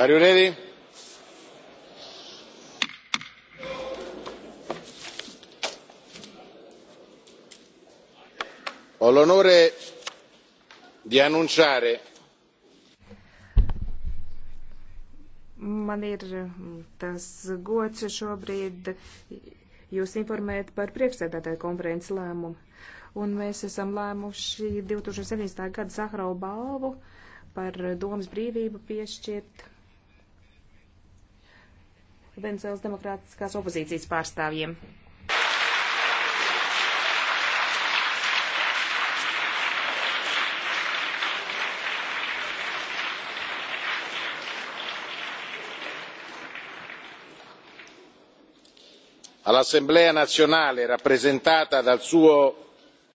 are you ready? ho l'onore di annunciare Man ir mm, tas gods šobrīd jūs informēt par priekšsēdētāju konferences lēmumu. Un mēs esam lēmuši 2017. gada Sahrau balvu par domas brīvību piešķirt Venezuelas demokrātiskās opozīcijas pārstāvjiem. all'assemblea nazionale rappresentata dal suo